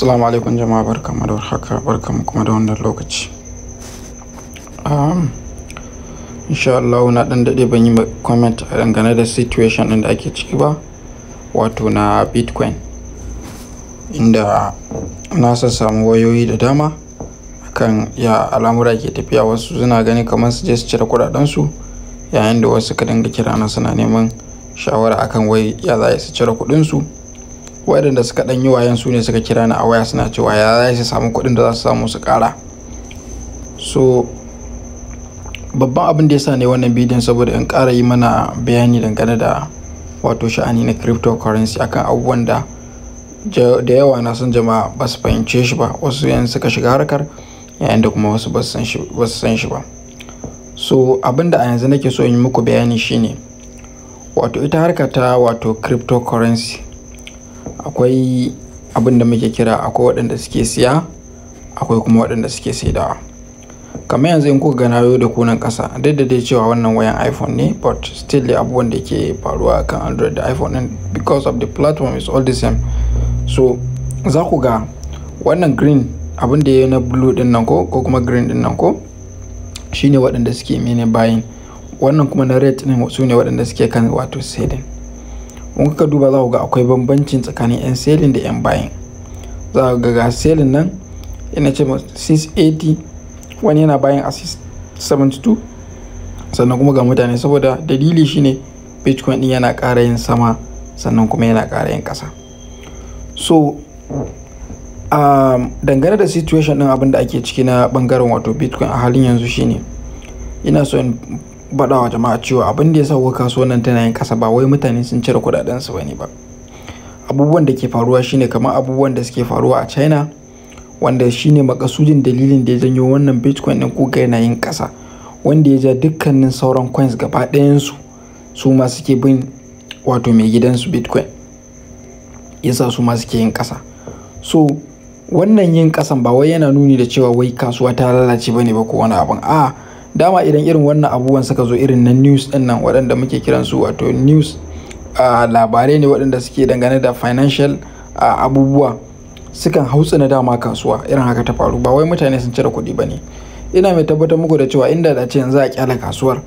assalamu alaikum jama'a barkamu da warhaka barkamu kuma da wannan lokaci insha'Allah um, insha Allah na dan dade ban yi comment a dangane da situation din da ake ciki ba wato na bitcoin inda nasa samu wayoyi da dama akan ya al'amura ke tafiya wasu suna gani kamar su je su cire kudaden su yayin da wasu ka dinga kira suna neman shawara akan wai ya za su cire kudin su waɗanda suka ɗan yi wayan su ne suka kira ni a waya suna cewa ya za su samu kuɗin da za su samu su ƙara so babban abin da ya sa ne wannan bidiyon saboda in ƙara yi mana bayani dangane da wato sha'ani na cryptocurrency akan abubuwan da da yawa na san jama'a ba su fahimce shi ba wasu yan suka shiga harkar yayin da kuma wasu ba su san shi ba so abin da a yanzu nake so in yi muku bayani shine wato ita harka ta wato cryptocurrency akwai abin da muke kira akwai waɗanda suke siya akwai kuma waɗanda suke saidawa kamar yanzu in kuka gana yau da kunan ƙasa duk da dai cewa wannan wayan iphone ne but still dai abubuwan da ke faruwa kan android da iphone din because of the platform is all the same so za ku ga wannan green abin da ya yi na blue din nan ko ko kuma green din nan ko shine waɗanda suke mene bayin wannan kuma na red din su ne waɗanda suke kan wato saidin. in kuka duba za ku ga akwai bambanci tsakanin yan selin da yan bayan za ku ga ga selin nan yana ce 680 wani yana bayan a 672 sannan kuma ga mutane saboda dalili shine bitcoin din yana ƙara yin sama sannan kuma yana ƙara yin ƙasa so um, dangane da situation din abin da ake ciki na bangaren wato bitcoin a halin yanzu shine ina so in Baɗawa wa jama'a cewa abin da ya sa kaso nan tana yin kasa ba wai mutane sun cire kuɗaɗensu su bane ba abubuwan da ke faruwa shine kamar abubuwan da suke faruwa a china wanda shine makasudin dalilin da ya janyo wannan bitcoin ɗin kuka yana yin kasa wanda ya ja dukkanin sauran coins gaba ɗayansu su ma suke bin wato mai gidansu bitcoin yasa su ma suke yin kasa so wannan yin kasan ba wai yana nuni da cewa wai kasuwa ta lalace bane ba ko wani abin a'a dama idan irin wannan abubuwan suka zo irin na news din nan waɗanda muke su wato news uh, labarai ne waɗanda suke dangane da financial uh, abubuwa sukan hautsu na dama kasuwa irin haka ta faru ba wai mutane sun cire kuɗi ba ne ina mai tabbatar muku da cewa inda da ce yanzu a kyala kasuwar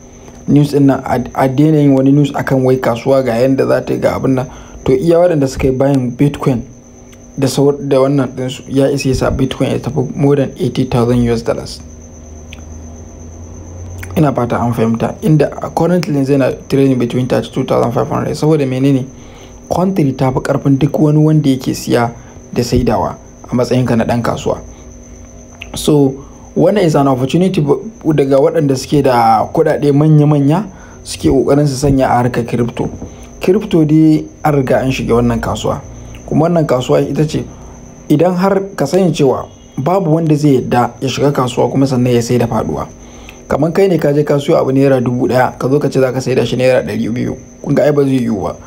news din nan a daina yin wani news akan wai kasuwa ga yanda za ta ga abin nan to iya waɗanda suka yi bayan bitcoin da wannan ɗinsu ya isa yasa bitcoin ya tafi more than 80,000 us dollars ina fata an fahimta inda currently zai na trading between 32,500 saboda menene country ta fi karfin duk wani wanda yake siya da saidawa a matsayinka na dan kasuwa so wannan is an opportunity daga waɗanda suke da kuɗaɗe manya-manya suke kokarin su sanya a harkar crypto crypto dai an riga an shiga wannan kasuwa kuma wannan kasuwa ita ce idan har ka sanya cewa babu wanda zai yadda ya shiga kasuwa kuma sannan ya sai da faduwa kamar kai ne ka je ka abu naira dubu daya ka zo ka ce za ka sai da shi naira dari biyu kun ga ai ba zai yiwu ba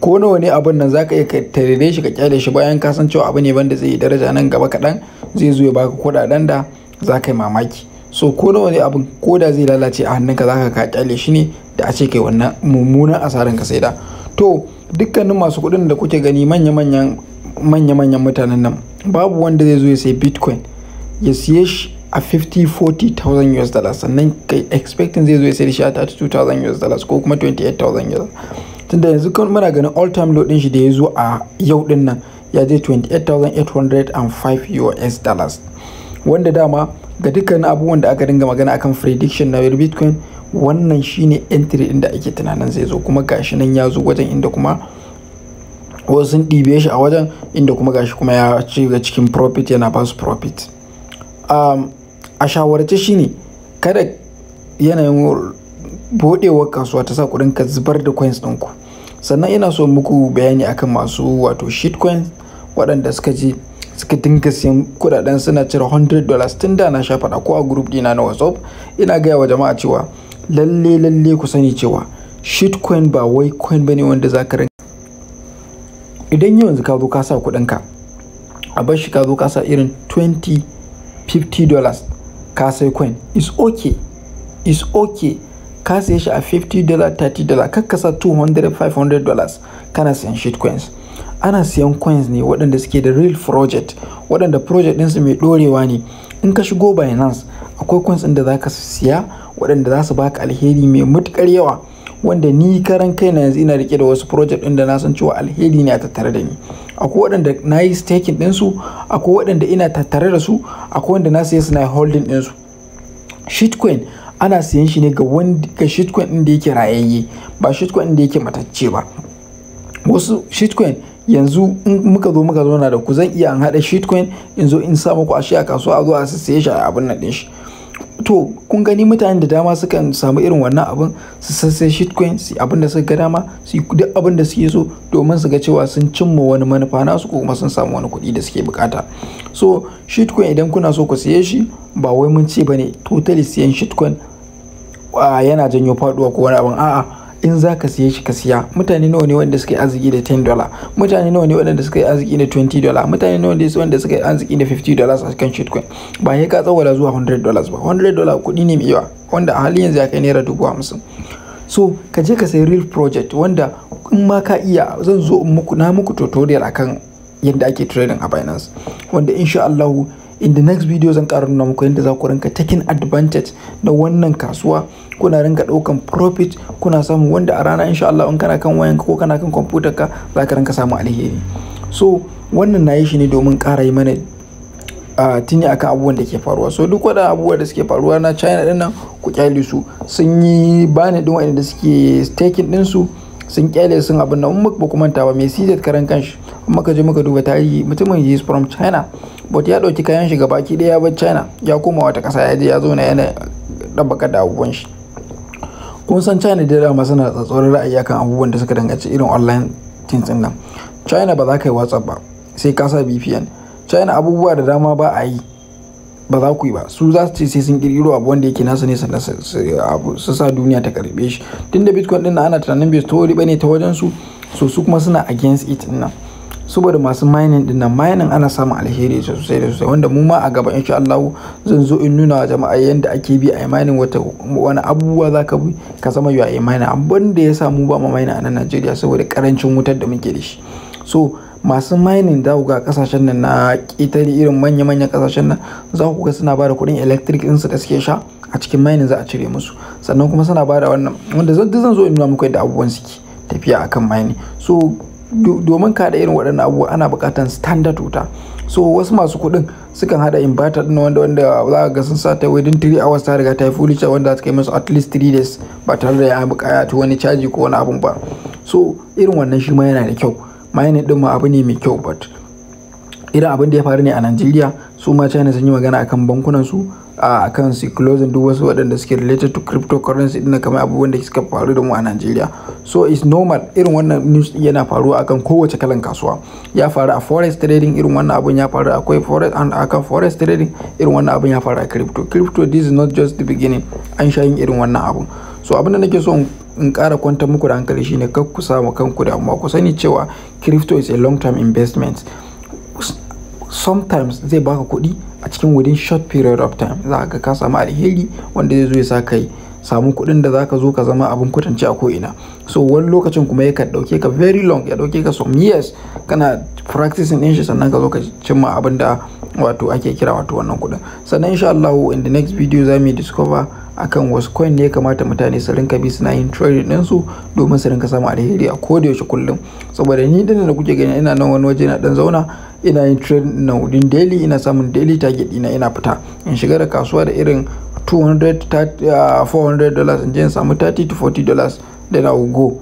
ko nawa ne abin nan zaka iya tare tarire shi ka kyale shi bayan ka san cewa abu ne wanda zai yi daraja nan gaba kaɗan zai zo ya baka kuɗaɗen da za ka yi mamaki so ko nawa ne abin ko da zai lalace a hannunka za ka kyale shi ne da a ce kai wannan mummunan asaran ka sai da to dukkanin masu kuɗin da kuke gani manya-manyan manya-manyan mutanen nan babu wanda zai zo ya sai bitcoin ya siye shi a 50 40,000 US dollars sannan kai expecting zai zo ya sai da shi a 32,000 US dollars ko kuma 28,000 US tunda yanzu kan muna ganin all time low din shi da ya zo a yau din nan ya je 28,805 US dollars wanda dama ga dukkan abubuwan da aka dinga magana akan prediction na bitcoin wannan shine entry da ake tunanin zai zo kuma gashi nan ya zo wajen inda kuma wasu sun ɗibe shi a wajen inda kuma gashi kuma ya ci cikin profit yana basu profit Um, a shawarce shine kada yanayin buɗewar kasuwa ta sa kudin ka zubar da coins ɗinku sannan ina so muku bayani akan masu wato coins waɗanda suka je suka dinga siyan kudaden suna cire 100 dollars tun da na sha ko a group dina na whatsapp ina gaya wa jama'a cewa lalle lalle ku sani cewa shitcoin ba wai coin bane wanda za ka idan yanzu ka zo ka sa ka a bar shi ka zo ka sa irin 20 $50 ka sai coin is okay is okay ka sai shi a $50 $30 sa $200 $500 kana sayan coins ana siyan coins ne waɗanda suke da real project waɗanda project ɗinsu mai ɗorewa ne in ka shigo binance akwai coins ɗin da za ka siya waɗanda za su baka alheri mai matuƙar yawa wanda ni karan kai na yanzu ina rike da wasu project din da na san cewa alheri ne a tattare da ni akwai waɗanda na yi staking din su, akwai waɗanda ina tattare da su akwai wanda na sayi suna holding din su. shitcoin ana siyan shi ne ga wanda ga shitcoin ɗin da yake rayayye ba shitcoin ɗin da yake matacce ba wasu shitcoin yanzu in muka zo muka zauna da ku zan iya an haɗa shitcoin in zo in sa muku a shi a kasuwa a zo a shi a abin nan din shi to kun gani mutanen da dama sukan samu irin wannan abin su sassai shitcoin su abin da suka ga dama su duk abin da suke so domin su ga cewa sun cimma wani manufa nasu ko kuma sun samu wani kuɗi da suke bukata so shitcoin idan kuna so ku siye shi ba wai mun ce bane totally siyan shitcoin yana janyo faduwa ko wani abin a'a in za ka siye shi ka siya mutane nawa ne wanda suka yi arziki da 10 dollar mutane nawa ne wanda suka yi arziki da 20 dollar mutane nawa ne wanda suka yi arziki da 50 dollars a kan shitcoin ba ya ka tsawala zuwa 100 dollars ba 100 dollar kuɗi ne mai yawa wanda a halin yanzu ya kai naira dubu hamsin so ka je ka sayi real project wanda in ma ka iya zan zo muku na muku tutorial akan yadda ake trading a Binance wanda insha Allah in the next video zan karo nuna muku yadda za ku rinka taking advantage na wannan kasuwa kuna rinka ɗaukan profit kuna samu wanda a rana insha Allah in kana kan wayanka ko kana kan kwamfutar ka za ka rinka samu alheri so wannan na yi shi ne domin ƙara yi mana a tuni akan abubuwan da ke faruwa so duk wadannan abubuwan da suke faruwa na china din nan ku kyale su sun yi bani din waɗanda suke staking din su sun kyale sun abin nan muka ba kuma ba mai CZ karan kanshi muka je muka duba tarihi mutumin he is from China but ya dauki kayan shi gabaki daya ya bar China ya koma wata kasa ya je ya zo na yana dabbaka da abubuwan shi kun san china da dama suna tsatsauran ra'ayi akan abubuwan da suka danganci irin online things din nan china ba za ka yi whatsapp ba sai ka sa vpn china abubuwa da dama ba a yi ba za ku yi ba su za su ce sai sun kirkiro abu wanda yake nasa ne sannan su sa duniya ta karbe shi tunda bitcoin din ana tunanin bai ba ne ta wajen su so su kuma suna against it nan saboda masu mining din nan mining ana samun alheri sosai da sosai wanda mu ma a gaban insha Allah zan zo in nuna wa jama'a yanda ake bi a mining wata wani abubuwa zaka bi ka zama yau a mining abin da ya samu ba ma mining a nan Najeriya saboda karancin wutar da muke da shi so masu mining da ga kasashen nan na ƙetare irin manya-manyan kasashen nan za ku ga suna bada kuɗin electric su da suke sha a cikin mining za a cire musu sannan kuma suna bada wannan wanda zan zo in nuna muku yadda abubuwan suke tafiya akan mining so domin kada irin waɗannan abubuwa ana buƙatar standard wuta so wasu masu kuɗin sukan hada inverter ɗin wanda wanda za ga sun sa ta within 3 hours ta riga ta yi fully charge wanda ta kai musu at least 3 days ba tare da ya buƙaci wani caji ko wani abun ba so irin wannan shi ma yana da kyau mining ɗin ma abu ne mai kyau but irin abin da ya faru ne a Najeriya su ma china sun yi magana akan bankunan su a kan su closing duk wasu waɗanda suke related to cryptocurrency din kamar abubuwan da suka faru da mu a nigeria so it's normal irin wannan news yana faruwa akan kowace kalan kasuwa ya faru a forex trading irin wannan abun ya faru akwai forex and akan forex trading irin wannan abun ya faru a crypto crypto this is not just the beginning an sha yin irin wannan abu so abin da nake so in kara kwantar muku da hankali shine kar ku samu kanku da amma ku sani cewa crypto is a long term investment sometimes zai baka kuɗi a cikin within short period of time za ka ka samu alheri wanda zai zo ya sa kai samu kuɗin da zaka zo ka zama abin kwatance a ko'ina so wani lokacin kuma ya ɗauke ka very long ya ɗauke ka some years kana practicing ɗin shi sannan ka zo ka cimma abin da wato ake kira wato wannan kuɗin sannan insha Allah in the next video za mu discover akan wasu coin ne ya kamata mutane su rinka bi suna yin trading din su domin su rinka samu alheri a koda yaushe kullum saboda ni dinnan da kuke gani ina nan wani waje na dan zauna ina yin trade na wudin daily ina samun daily target ina ina fita in shiga da kasuwa da irin 200 400 ah, dollars in je in samu 30 40 dollars da na go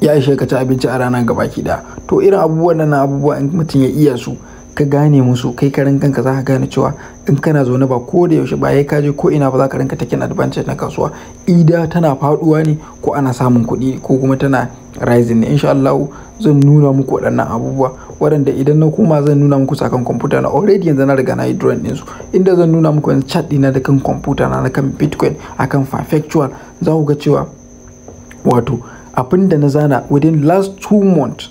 ya ishe ka abinci a ranar gabaki da to irin abubuwan nan abubuwa in mutum ya iya su ka gane musu kai karan kanka za ka gane cewa in kana zaune ba ko da yaushe ba ya kaje ko ina ba za ka rinka taken advantage na kasuwa ida tana faduwa ne ko ana samun kuɗi ko kuma tana rising ne insha Allah zan nuna muku waɗannan abubuwa waɗanda idan na koma zan nuna muku sakan kwamfuta na already yanzu na riga na yi drawing ɗinsu inda zan nuna muku yanzu chat ɗina da kan kwamfuta na na kan bitcoin akan perfectual za ku ga cewa wato abin da na zana within last two months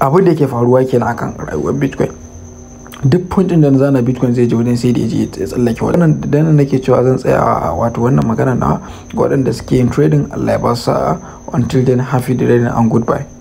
abin da ke faruwa kenan akan rayuwar bitcoin duk point din da na zana bitcoin zai je wajen sai da ya tsallake wannan da nan nake cewa zan tsaya a wato wannan magana na waɗanda suke yin trading Allah ya ba su until then happy trading and goodbye